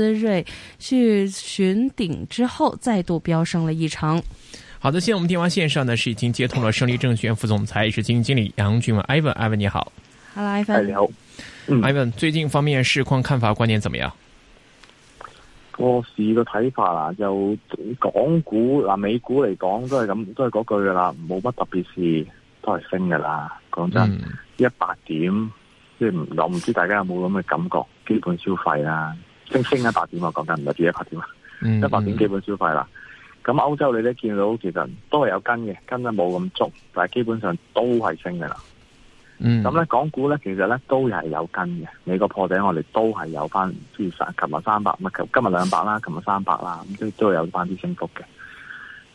思瑞去尋頂之後，再度飆升了一成。好的，現在我們電話線上呢是已經接通了勝利證券副總裁也是基金經理楊俊文。Ivan，Ivan，你好。Hello，Ivan。你好。Ivan, 嗯，Ivan，最近方面市況看法觀點怎麼樣？個市嘅睇法啊，又港股嗱美股嚟講都係咁，都係嗰句噶啦，冇乜特別事都係升噶啦。講真，一百點即係我唔知大家有冇咁嘅感覺，基本消費啦。升一百點，我講緊唔係住一百點啦，一百點基本消費啦。咁、嗯、歐、嗯、洲你都見到，其實都係有跟嘅，跟得冇咁足，但係基本上都係升嘅啦。嗯，咁咧港股咧，其實咧都係有跟嘅。美國破頂，我哋都係有翻啲殺。琴日三百，咁今日兩百啦，琴日三百啦，咁都都有翻啲升幅嘅。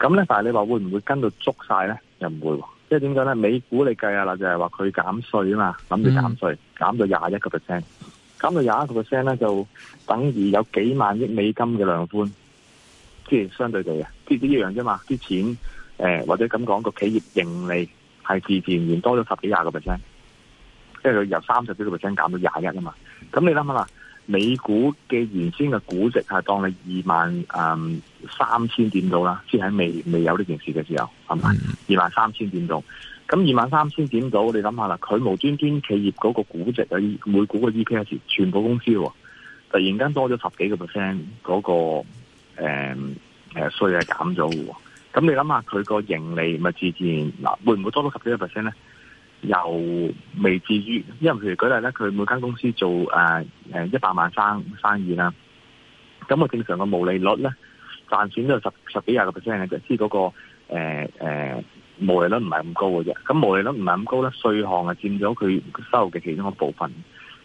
咁咧，但係你話會唔會跟到足晒咧？又唔會、啊，即係點講咧？美股你計下啊，就係話佢減稅啊嘛，諗住減稅，減到廿一個 percent。減到廿一個 percent 咧，就等於有幾萬億美金嘅量寬，即係相對地啊，即係一樣啫嘛，啲錢誒或者咁講個企業盈利係自自然然多咗十幾廿個 percent，即係佢由三十幾個 percent 減到廿一啊嘛。咁你諗下啦，美股嘅原先嘅估值係當你二萬誒三千點到啦，即係未未有呢件事嘅時候，係咪二萬三千點到？嗯 23, 咁二萬三千點度，你諗下啦，佢無端端企業嗰個估值嘅每股嘅 E P S，全部公司喎，突然間多咗十幾個 percent，嗰、那個誒誒稅係減咗嘅，咁、欸呃、你諗下佢個盈利咪自然嗱，會唔會多咗十幾個 percent 咧？又未至於，因為譬如舉例咧，佢每間公司做誒誒一百萬生生意啦，咁、那、啊、個、正常個毛利率咧，賺錢都有十十幾廿個 percent 嘅，即係嗰、那個誒誒。呃呃毛利率唔係咁高嘅啫，咁毛利率唔係咁高咧，稅項啊佔咗佢收入嘅其中一部分，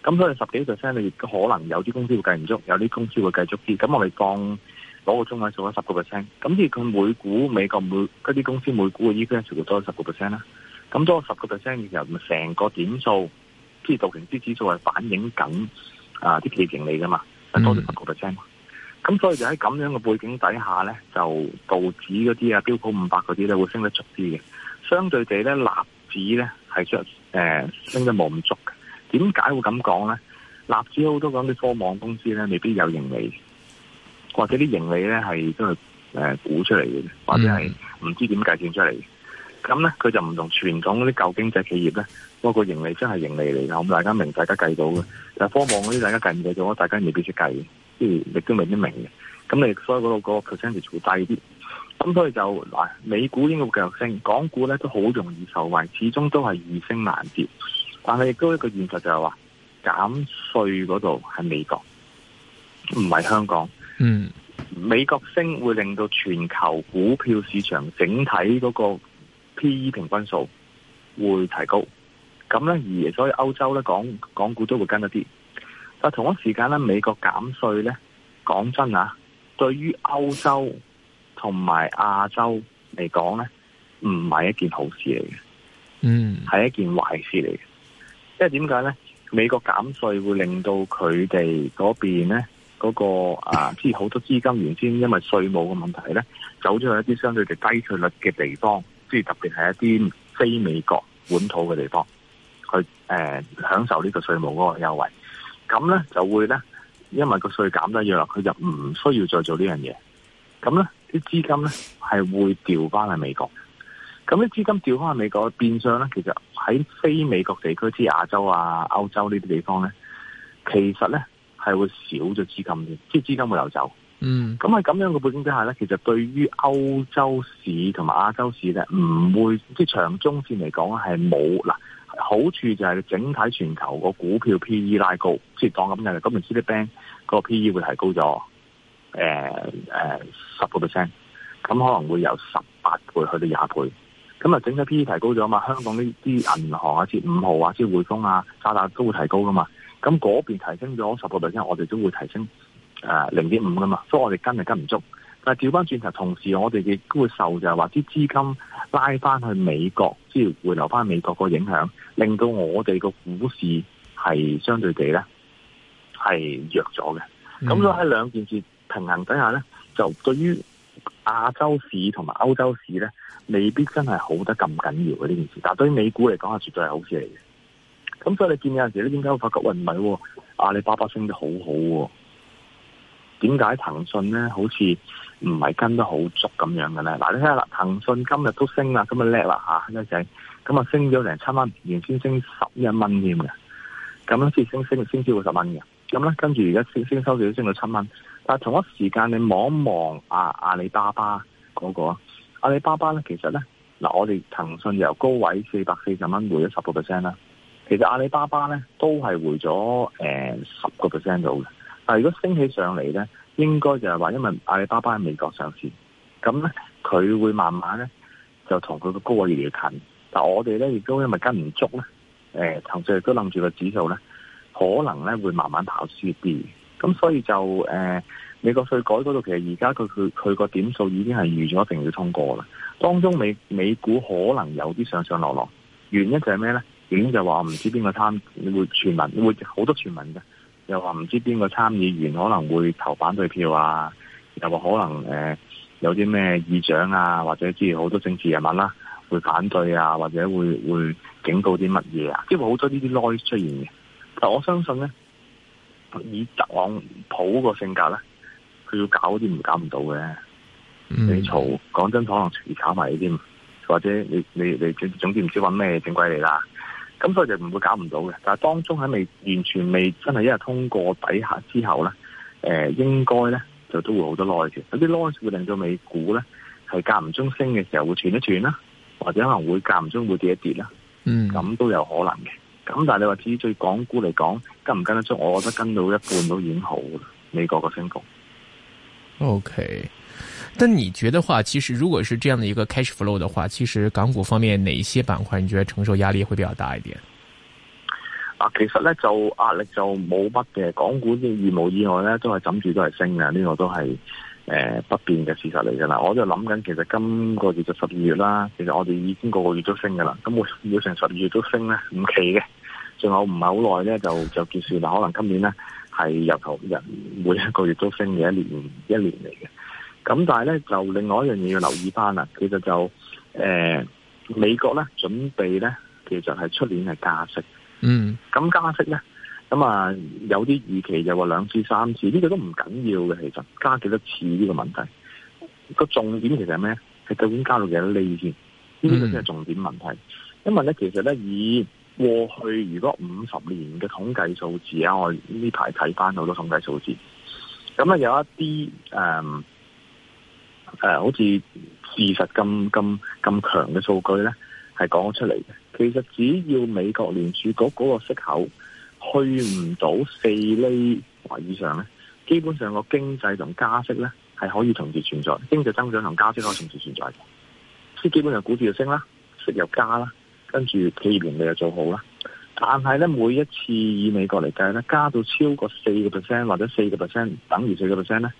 咁所以十幾 percent 你亦都可能有啲公司會計唔足，有啲公司會計足啲，咁我哋放攞個中位數咗十個 percent，咁即係佢每股美國每嗰啲公司每股嘅 EPS 全部多咗十個 percent 啦，咁多咗十個 percent 嘅時候，成個點數，即係道瓊斯指數係反映緊啊啲企業盈利嚟噶嘛，係多咗十個 percent。咁所以就喺咁樣嘅背景底下咧，就道指嗰啲啊，標普五百嗰啲咧會升得足啲嘅。相對地咧，納指咧係即誒升得冇咁足嘅。點解會咁講咧？納指好多講啲科網公司咧未必有盈利，或者啲盈利咧係都係誒、呃、估出嚟嘅，或者係唔知點計算出嚟。咁咧佢就唔同傳統嗰啲舊經濟企業咧，嗰個盈利真係盈利嚟，咁大家明，大家計到嘅、嗯。但科網嗰啲大家計唔計到？大家未必識計。即、嗯、亦都未必明嘅，咁你所以嗰度嗰個 percentage 就會低啲，咁所以就嗱，美股應該會繼續升，港股咧都好容易受惠，始終都係易升難跌。但係亦都一個現實就係話減稅嗰度喺美國，唔係香港。嗯，美國升會令到全球股票市場整體嗰個 PE 平均數會提高，咁咧而所以歐洲咧港港股都會跟一啲。但同一時間咧，美國減稅咧，講真啊，對於歐洲同埋亞洲嚟講咧，唔係一件好事嚟嘅，嗯，係一件壞事嚟嘅。因為點解咧？美國減稅會令到佢哋嗰邊咧，嗰、那個啊，即係好多資金原先因為稅務嘅問題咧，走咗去一啲相對嘅低稅率嘅地方，即係特別係一啲非美國本土嘅地方，去誒、呃、享受呢個稅務嗰個優惠。咁咧就會咧，因為個稅減得越落，佢就唔需要再做呢樣嘢。咁咧啲資金咧係會調翻去美國。咁啲資金調翻去美國變相咧，其實喺非美國地區，即係亞洲啊、歐洲呢啲地方咧，其實咧係會少咗資金嘅，即係資金會流走。嗯，咁喺咁樣嘅背景之下咧，其實對於歐洲市同埋亞洲市咧，唔會、嗯、即係長中線嚟講係冇嗱。好處就係整體全球個股票 P E 拉高，即係當咁嘅，咁咪 Citibank 個 P E 會提高咗，誒誒十個 percent，咁可能會由十八倍去到廿倍，咁啊整體 P E 提高咗嘛。香港呢啲銀行啊，似五號啊，似匯豐啊、渣打都會提高噶嘛，咁嗰邊提升咗十個 percent，我哋都會提升誒零點五噶嘛，呃、所以我哋跟係跟唔足。但係調翻轉頭，同時我哋亦都會受就係話啲資金拉翻去美國，即係回流翻美國個影響，令到我哋個股市係相對地咧係弱咗嘅。咁、嗯、所以喺兩件事平衡底下咧，就對於亞洲市同埋歐洲市咧，未必真係好得咁緊要嘅呢件事。但係對於美股嚟講，係絕對係好事嚟嘅。咁所以你見有陣時咧，點解會發覺喂唔係阿里巴巴升得好好、哦？點解騰訊咧好似唔係跟得好足咁樣嘅咧？嗱、啊，你睇下啦，騰訊今日都升啦，咁啊叻啦嚇，一仔，咁、嗯、啊升咗零七蚊，原先升十一蚊添嘅，咁咧先升升升超過十蚊嘅，咁咧跟住而家先升收少升到七蚊。但係同一時間你望一望阿阿里巴巴嗰個啊，阿里巴巴咧其實咧嗱、啊，我哋騰訊由高位四百四十蚊回咗十個 percent 啦，其實阿里巴巴咧都係回咗誒十個 percent 到嘅。呃但係如果升起上嚟咧，應該就係話，因為阿里巴巴喺美國上市，咁咧佢會慢慢咧就同佢嘅高位越嚟越近。但我哋咧亦都因為跟唔足咧，誒頭先亦都諗住個指數咧，可能咧會慢慢跑輸啲。咁所以就誒、呃、美國稅改嗰度，其實而家佢佢佢個點數已經係預咗一定要通過啦。當中美美股可能有啲上上落落，原因就係咩咧？已經就話唔知邊個貪會傳聞，會好多傳聞嘅。又話唔知邊個參議員可能會投反對票啊。又話可能誒、呃、有啲咩議長啊，或者之好多政治人物啦、啊、會反對啊，或者會會警告啲乜嘢啊。因為好多呢啲 noise 出現嘅。但我相信咧，以特朗普個性格咧，佢要搞啲唔搞唔到嘅。你嘈講、嗯、真，可能全搞埋你啲，或者你你你，你總總之唔知搵咩正規嚟啦。咁所以就唔會搞唔到嘅，但係當中喺未完全未真係一日通過底下之後咧，誒、呃、應該咧就都會好多 noise 嘅，有啲 noise 會令到美股咧係間唔中升嘅時候會斷一斷啦，或者可能會間唔中會跌一跌啦，嗯，咁都有可能嘅。咁但係你話至於最港股嚟講,講跟唔跟得足，我覺得跟到一半都已經好啦，美國個升幅。O K。但你覺得話，其實如果是這樣的一個 cash flow 的話，其實港股方面哪一些板塊你覺得承受壓力會比較大一點？啊，其實咧就壓力就冇乜嘅，港股亦無意外咧都係枕住都係升嘅，呢、這個都係誒、呃、不變嘅事實嚟噶啦。我就諗緊，其實今個月就十二月啦，其實我哋已經個個月都升噶啦，咁會要成十二月都升咧，唔奇嘅，仲有唔係好耐咧就就結算啦。可能今年咧係由頭人每一個月都升嘅一年一年嚟嘅。咁但係咧，就另外一樣嘢要留意翻啦。其實就誒、呃，美國咧準備咧，其實係出年係加息。嗯，咁加息咧，咁啊有啲預期又話兩次三次，呢、這個都唔緊要嘅。其實加幾多次呢個問題，個重點其實係咩？係究竟加到幾多厘先？呢啲都係重點問題。嗯、因為咧，其實咧以過去如果五十年嘅統計數字啊，我呢排睇翻好多統計數字，咁啊有一啲誒。嗯誒、呃，好似事實咁咁咁強嘅數據咧，係講出嚟嘅。其實只要美國聯儲局嗰個息口去唔到四厘或以上咧，基本上個經濟同加息咧係可以同時存在，經濟增長同加息可以同時存在嘅。即係基本上，股市就升啦，息又加啦，跟住企業盈利又做好啦。但係咧，每一次以美國嚟計咧，加到超過四個 percent 或者四個 percent 等於四個 percent 咧，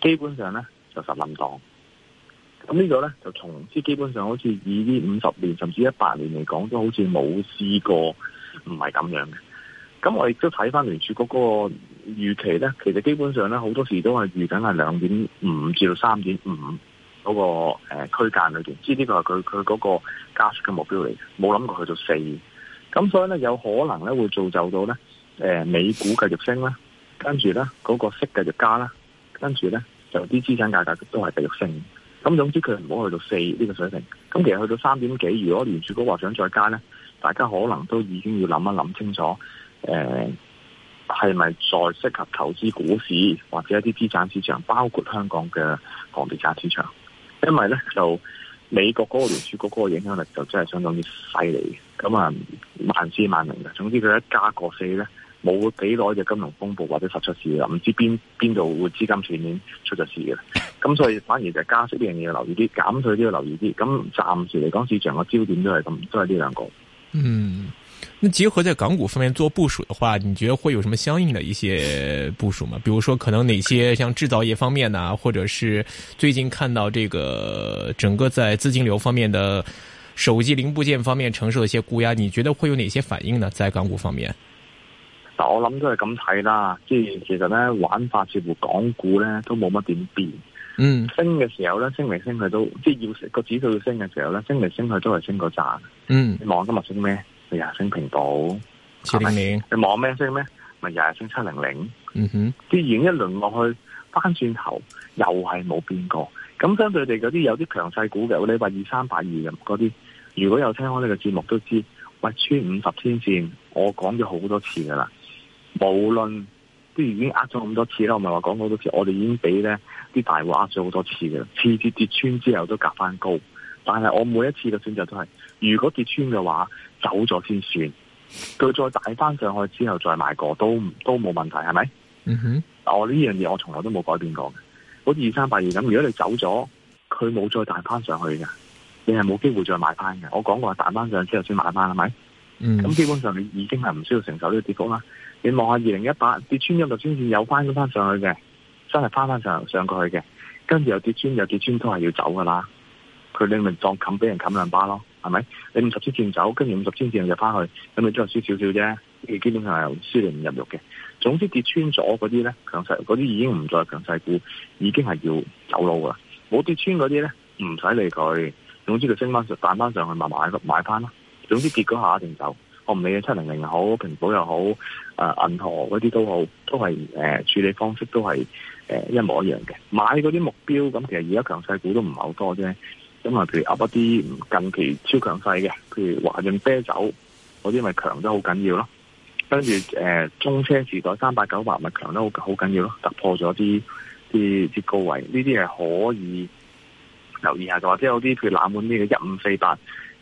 基本上咧。十零咁呢個咧就從之基本上，好似以呢五十年甚至一百年嚟講，都好似冇試過唔係咁樣嘅。咁我亦都睇翻聯儲局嗰個預期咧，其實基本上咧好多時都係預緊係兩點五至到三點五嗰個誒區間裏邊，即係呢個係佢佢嗰個加息嘅目標嚟，冇諗過去到四。咁所以咧有可能咧會造就到咧誒美股繼續升啦，跟住咧嗰個息繼續加啦，跟住咧。就啲資產價格都係繼續升，咁總之佢唔好去到四呢個水平。咁其實去到三點幾，如果聯儲局話想再加呢，大家可能都已經要諗一諗清楚，誒係咪再適合投資股市或者一啲資產市場，包括香港嘅房地產市場。因為呢，就美國嗰個聯儲局嗰個影響力就真係相當之犀利嘅，咁啊萬試萬靈嘅。總之佢一加過四呢。冇幾耐就金融風暴或者實出咗事啦，唔知邊邊度會資金斷面出咗事嘅，咁所以反而就加息呢樣嘢，要留意啲，減稅都要留意啲。咁暫時嚟講，市場個焦點都係咁，都係呢兩個。嗯，那結合在港股方面做部署的話，你覺得會有什麼相應的一些部署嗎？比如說，可能哪些像製造業方面啊，或者是最近看到這個整個在資金流方面的手機零部件方面承受一些沽壓，你覺得會有哪些反應呢？在港股方面？嗱，我諗都係咁睇啦，即係其實咧玩法似乎港股咧都冇乜點變，嗯，升嘅時候咧升嚟升去都，即係要食個指數要升嘅時候咧升嚟升去都係升嗰扎，嗯，你望今日升咩？咪、哎、呀，升平保，七你望咩升咩？咪、哎、呀，升七零零，嗯哼，自然一輪落去翻轉頭又係冇變過，咁相對地嗰啲有啲強勢股嘅，我哋話二三百二咁嗰啲，如果有聽我呢個節目都知，喂穿五十天線，我講咗好多次噶啦。無論都已經呃咗咁多次啦，我咪話講好多次，我哋已經俾咧啲大戶呃咗好多次嘅，次次跌，跌穿之後都夾翻高，但係我每一次嘅選擇都係，如果跌穿嘅話走咗先算，佢再彈翻上去之後再買過都都冇問題，係咪？嗯、mm、哼 -hmm. 哦，這個、我呢樣嘢我從來都冇改變過嘅，好、那、似、個、二三八二咁，如果你走咗，佢冇再彈翻上去嘅，你係冇機會再買翻嘅。我講過彈返翻上去之後先買翻，係咪？咁、嗯、基本上你已經係唔需要承受呢個跌幅啦。你望下二零一八跌穿咗穿線有翻咁翻上去嘅，真係翻翻上上過去嘅。跟住又跌穿又跌穿都係要走噶啦。佢咪當冚俾人冚兩巴咯，係咪？你五十千線走，跟住五十千線又入翻去，咁你都係輸少少啫。你基本上係輸嚟唔入肉嘅。總之跌穿咗嗰啲咧，強勢嗰啲已經唔再係強勢股，已經係要走路噶。冇跌穿嗰啲咧，唔使理佢。總之佢升翻上彈翻上去，慢慢買翻啦。總之結果下一定就，我唔理啊，七零零又好，蘋果又好，啊，銀河嗰啲都好，都係誒、呃、處理方式都係誒、呃、一模一樣嘅。買嗰啲目標，咁其實而家強勢股都唔係好多啫。咁啊，譬如押一啲近期超強勢嘅，譬如華潤啤酒嗰啲咪強得好緊要咯。跟住誒中車時代三八九八咪強得好好緊要咯，突破咗啲啲啲高位，呢啲係可以留意下嘅。或者有啲譬如冷門啲嘅一五四八。15, 48,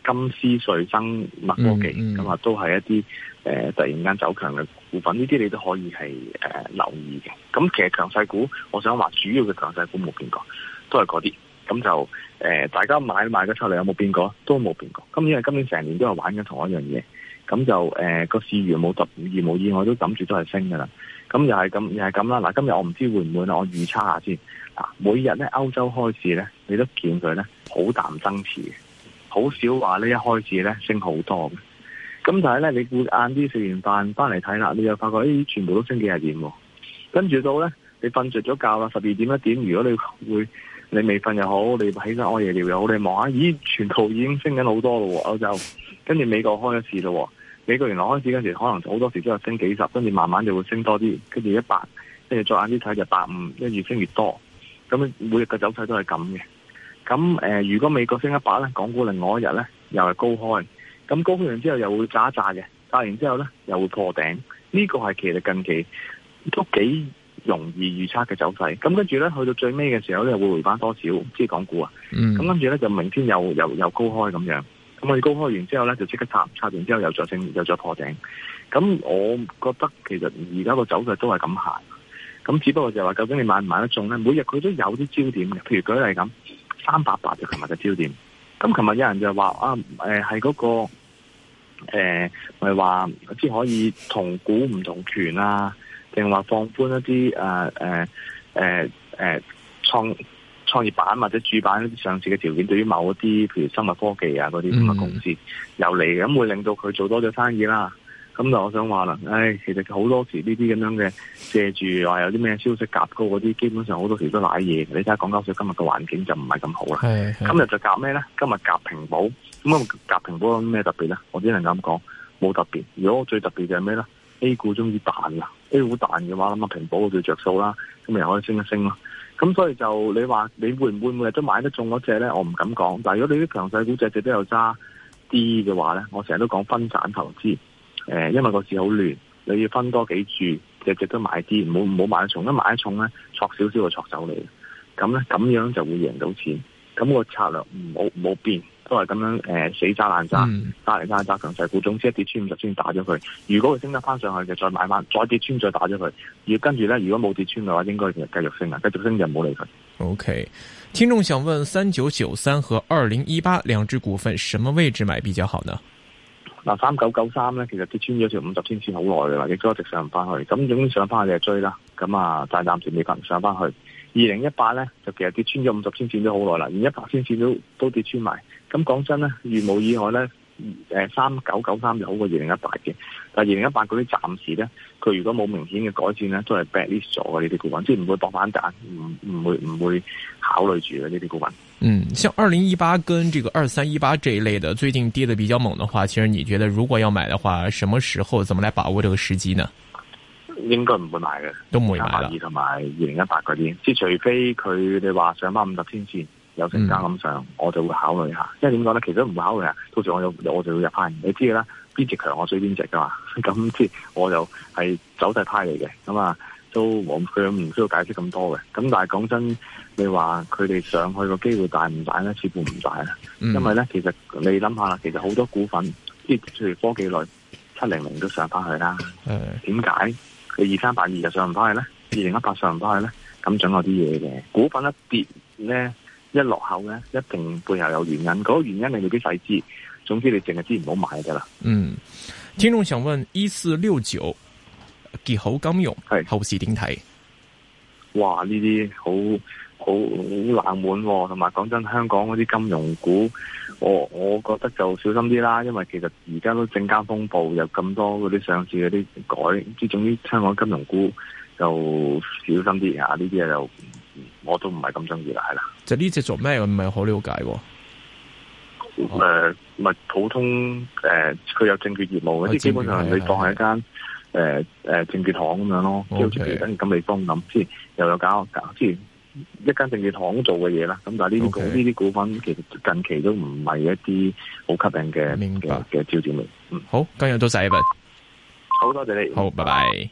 金斯瑞生物科技咁啊、嗯嗯，都係一啲誒、呃、突然間走強嘅股份，呢啲你都可以係誒、呃、留意嘅。咁其實強勢股，我想話主要嘅強勢股冇變過，都係嗰啲。咁就誒、呃、大家買賣咗出嚟有冇變過？都冇變過。今年係今年成年都係玩緊同一樣嘢。咁就誒個市如冇疾如冇意外，都諗住都係升噶啦。咁又係咁，又係咁啦。嗱，今日我唔知會唔會我預測下先。嗱，每日咧歐洲開市咧，你都見佢咧好淡增持嘅。好少話呢，一開始咧升好多嘅，咁但係咧，你估晏啲食完飯翻嚟睇啦，你又發覺咦、哎，全部都升幾廿點，跟住到咧，你瞓着咗覺啦，十二點一點，如果你會你未瞓又好，你起身屙夜尿又好，你望下，咦，全圖已經升緊好多咯，我就跟住美國開一次咯，美國原來開始嗰時候可能好多時都有升幾十，跟住慢慢就會升多啲，跟住一百，跟住再晏啲睇就百五，跟住越升越多，咁每日嘅走勢都係咁嘅。咁誒、呃，如果美國升一把咧，港股另外一日咧又係高開。咁高開完之後又會炸一炸嘅，炸完之後咧又會破頂。呢個係其實近期都幾容易預測嘅走勢。咁跟住咧去到最尾嘅時候咧會回翻多少？唔知港股啊。嗯。咁跟住咧就明天又又又高開咁樣。咁我哋高開完之後咧就即刻插，插完之後又再升，又再破頂。咁我覺得其實而家個走勢都係咁行。咁只不過就係話究竟你買唔買得中咧？每日佢都有啲焦點嘅，譬如舉例咁。三八八就琴日嘅焦點，咁琴日有人就話啊，誒係嗰個誒，咪話先可以同股唔同權啊，定話放寬一啲誒誒誒誒創創業板或者主板上市嘅條件，對於某一啲譬如生物科技啊嗰啲咁嘅公司由嚟，咁、嗯、會令到佢做多咗生意啦。咁就我想話啦，唉、哎，其實好多時呢啲咁樣嘅借住話有啲咩消息夾高嗰啲，基本上好多時都賴嘢。你睇下港交所今日個環境就唔係咁好啦。是是是今日就夾咩呢？今日夾平保，咁啊夾平保有咩特別呢？我只能咁講，冇特別。如果最特別就係咩呢？A 股中意彈啦，A 股彈嘅話，諗下平保嗰着著數啦，咁咪又可以升一升咯。咁所以就你話你會唔會每日都買得中嗰隻呢？我唔敢講。但係如果你啲強勢股隻隻都有揸 D 嘅話呢，我成日都講分散投資。誒，因為個市好亂，你要分多幾注，隻隻都買啲，唔好唔好買重，買重一買一重咧，戳少少就戳走你。咁咧，咁樣就會贏到錢。咁個策略唔好唔好變，都係咁樣。誒、呃，死揸爛揸，揸嚟，揸揸強勢股，總之一跌穿五十先打咗佢。如果佢升得翻上去就再買翻，再跌穿再打咗佢。要跟住咧，如果冇跌穿嘅話，應該就繼續升啦。繼續升就冇理佢。OK，聽眾想問三九九三和二零一八兩隻股份，什麼位置買比較好呢？嗱、啊，三九九三咧，其實跌穿咗條五十天線好耐噶啦，亦都一直上唔翻去。咁總之上翻去你就追啦。咁啊，但暫時未能上翻去。二零一八咧，就其實跌穿咗五十天線都好耐啦，連一百天線都都跌穿埋。咁講真咧，如無意外咧。誒、嗯，三九九三就好過二零一八嘅，但係二零一八嗰啲暫時咧，佢如果冇明顯嘅改善咧，都係 bad list 咗嘅呢啲股份，即係唔會博反彈，唔唔會唔會考慮住嘅呢啲股份。嗯，像二零一八跟這個二三一八這一類的，最近跌得比較猛的話，其實你覺得如果要買的話，什麼時候，怎麼來把握這個時機呢？應該唔會買嘅，都唔會買啦，同埋二零一八嗰啲，即係除非佢哋話上返五十天線。有成交咁上，我就會考慮一下，因為點講咧，其實唔考慮啊。到時我有我就會入派，你知噶啦，邊隻強我追邊隻噶嘛。咁 即我就係走勢派嚟嘅。咁啊，都佢唔需要解釋咁多嘅。咁但係講真，你話佢哋上去個機會大唔大咧？似乎唔大啦。嗯、因為咧，其實你諗下啦，其實好多股份，即係譬如科技類，七零零都上翻去啦。點解佢二三八二就上唔翻去咧？二零一八上唔翻去咧？咁仲有啲嘢嘅。股份一跌咧～呢一落後咧，一定背後有原因。嗰、嗰個原因你未必細知，總之你淨係知唔好買噶啦。嗯，聽眾想問：一四六九結好金融係後市點睇？哇！呢啲好好好冷門、哦，同埋講真，香港嗰啲金融股，我我覺得就小心啲啦。因為其實而家都證監風暴，有咁多嗰啲上市嗰啲改，即係總之，香港金融股就小心啲啊呢啲就。我都唔係咁中意啦，係啦。就呢隻做咩？我唔係好了解。誒、嗯，唔、啊、係普通誒，佢、呃、有證券業務啲、啊，基本上你當係一間誒誒證券行咁樣咯。跟住咁你幫諗先，又有搞搞，即係一間證券行做嘅嘢啦。咁但係呢啲股呢啲、okay、股份，其實近期都唔係一啲好吸引嘅嘅焦點嚟。好，今日多謝你，好多謝，謝你，好，拜拜。